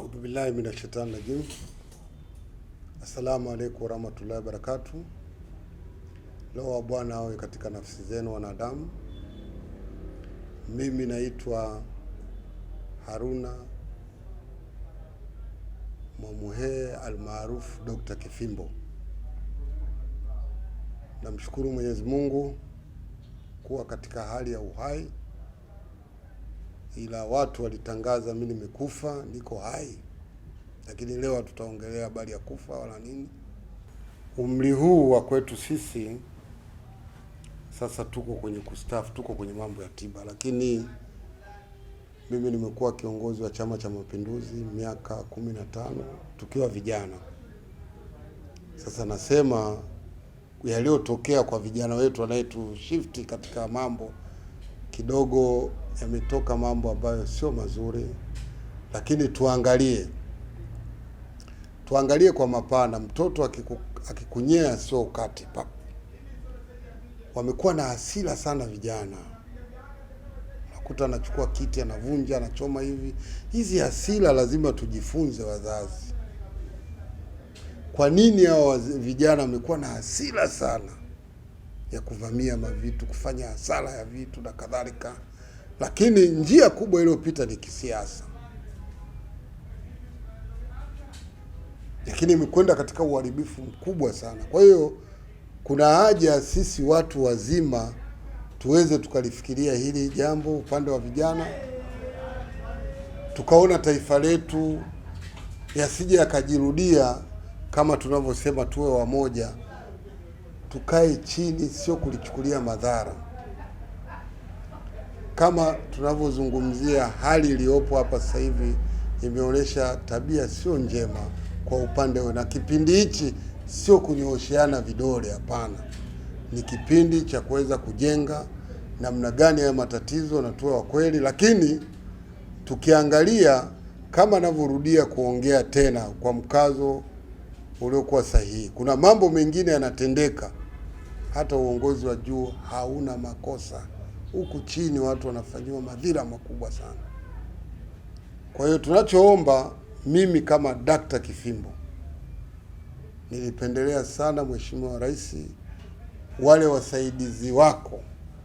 Audhu billahi minash shaitani rajim. Assalamu alaikum wa barakatuh. Leo wa Bwana awe katika nafsi zenu wanadamu. Mimi naitwa Haruna Mwamuhe almaarufu Dr. Kifimbo. Namshukuru Mwenyezi Mungu kuwa katika hali ya uhai ila watu walitangaza mimi nimekufa, niko hai, lakini leo tutaongelea habari ya kufa wala nini. Umri huu wa kwetu sisi sasa tuko kwenye kustaafu, tuko kwenye mambo ya tiba, lakini mimi nimekuwa kiongozi wa Chama cha Mapinduzi miaka kumi na tano tukiwa vijana. Sasa nasema yaliyotokea kwa vijana wetu wanayetushifti katika mambo kidogo yametoka mambo ambayo sio mazuri, lakini tuangalie tuangalie kwa mapana. Mtoto akiku, akikunyea sio ukati pap. Wamekuwa na hasira sana vijana, nakuta anachukua kiti anavunja anachoma hivi. Hizi hasira lazima tujifunze wazazi, kwa nini hao vijana wamekuwa na hasira sana ya kuvamia mavitu, kufanya hasara ya vitu na kadhalika, lakini njia kubwa iliyopita ni kisiasa, lakini imekwenda katika uharibifu mkubwa sana. Kwa hiyo kuna haja sisi watu wazima tuweze tukalifikiria hili jambo upande wa vijana, tukaona taifa letu yasije yakajirudia kama tunavyosema tuwe wamoja tukae chini, sio kulichukulia madhara. Kama tunavyozungumzia hali iliyopo hapa sasa hivi imeonyesha tabia sio njema kwa upande wa, na kipindi hichi sio kunyoosheana vidole, hapana. Ni kipindi cha kuweza kujenga namna gani haya matatizo na tuwe wa kweli, lakini tukiangalia kama anavyorudia kuongea tena kwa mkazo uliokuwa sahihi, kuna mambo mengine yanatendeka hata uongozi wa juu hauna makosa. Huku chini watu wanafanyiwa madhila makubwa sana. Kwa hiyo tunachoomba, mimi kama Dakta Kifimbo nilipendelea sana Mheshimiwa Rais, wale wasaidizi wako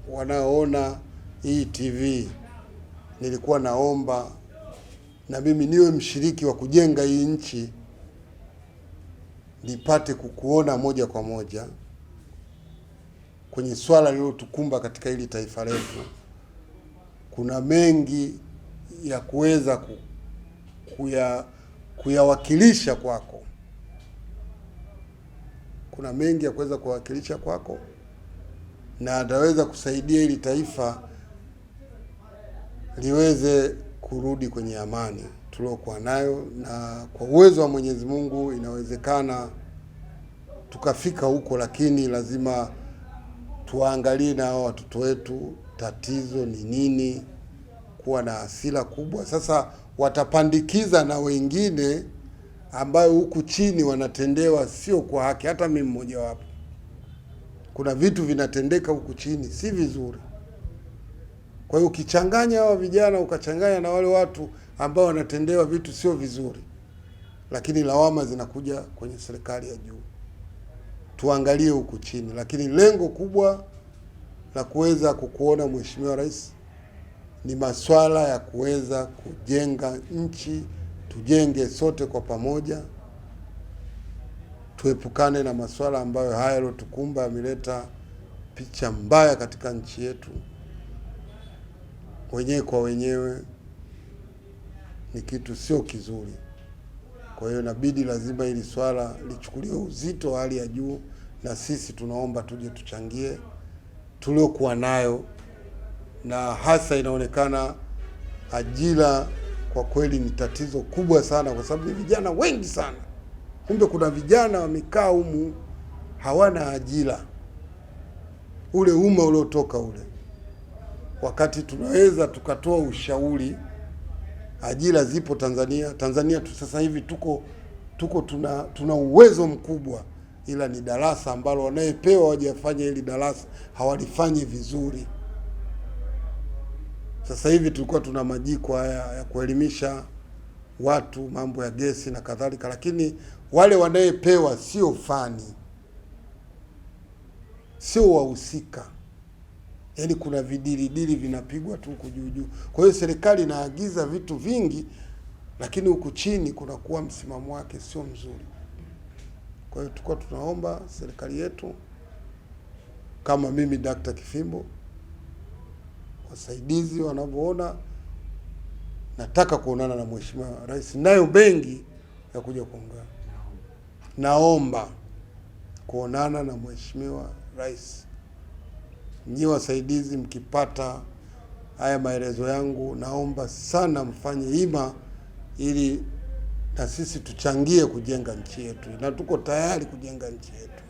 wanaoona hii TV, nilikuwa naomba na mimi niwe mshiriki wa kujenga hii nchi, nipate kukuona moja kwa moja kwenye swala lililotukumba katika hili taifa letu, kuna mengi ya kuweza kuya kuyawakilisha kwako, kuna mengi ya kuweza kuwakilisha kwako, na ataweza kusaidia hili taifa liweze kurudi kwenye amani tuliokuwa nayo, na kwa uwezo wa Mwenyezi Mungu inawezekana tukafika huko, lakini lazima tuangalie na hao watoto wetu, tatizo ni nini? Kuwa na hasira kubwa, sasa watapandikiza na wengine ambayo huku chini wanatendewa sio kwa haki. Hata mimi mmoja wapo, kuna vitu vinatendeka huku chini si vizuri. Kwa hiyo ukichanganya hawa vijana ukachanganya na wale watu ambao wanatendewa vitu sio vizuri, lakini lawama zinakuja kwenye serikali ya juu tuangalie huku chini, lakini lengo kubwa la kuweza kukuona Mheshimiwa Rais ni masuala ya kuweza kujenga nchi, tujenge sote kwa pamoja, tuepukane na masuala ambayo haya yaliyotukumba yameleta picha mbaya katika nchi yetu. Wenyewe kwa wenyewe ni kitu sio kizuri. Kwa hiyo inabidi lazima hili swala lichukuliwe uzito wa hali ya juu, na sisi tunaomba tuje tuchangie tuliokuwa nayo, na hasa inaonekana ajira kwa kweli ni tatizo kubwa sana, kwa sababu ni vijana wengi sana. Kumbe kuna vijana wamekaa humu hawana ajira, ule umma uliotoka ule, wakati tunaweza tukatoa ushauri ajira zipo Tanzania. Tanzania tu sasa hivi tuko tuko tuna tuna uwezo mkubwa, ila ni darasa ambalo wanayepewa hawajafanya hili darasa, hawalifanyi vizuri. Sasa hivi tulikuwa tuna majiko haya ya kuelimisha watu mambo ya gesi na kadhalika, lakini wale wanayepewa sio fani, sio wahusika yaani kuna vidilidili vinapigwa tu huku juu juu. Kwa hiyo serikali inaagiza vitu vingi, lakini huku chini kunakuwa msimamo wake sio mzuri. Kwa hiyo tulikuwa tunaomba serikali yetu kama mimi Dkt. Kifimbo, wasaidizi wanavyoona, nataka kuonana na Mheshimiwa Rais, nayo bengi ya kuja kuongea. naomba kuonana na Mheshimiwa Rais. Nyie wasaidizi, mkipata haya maelezo yangu, naomba sana mfanye ima ili na sisi tuchangie kujenga nchi yetu, na tuko tayari kujenga nchi yetu.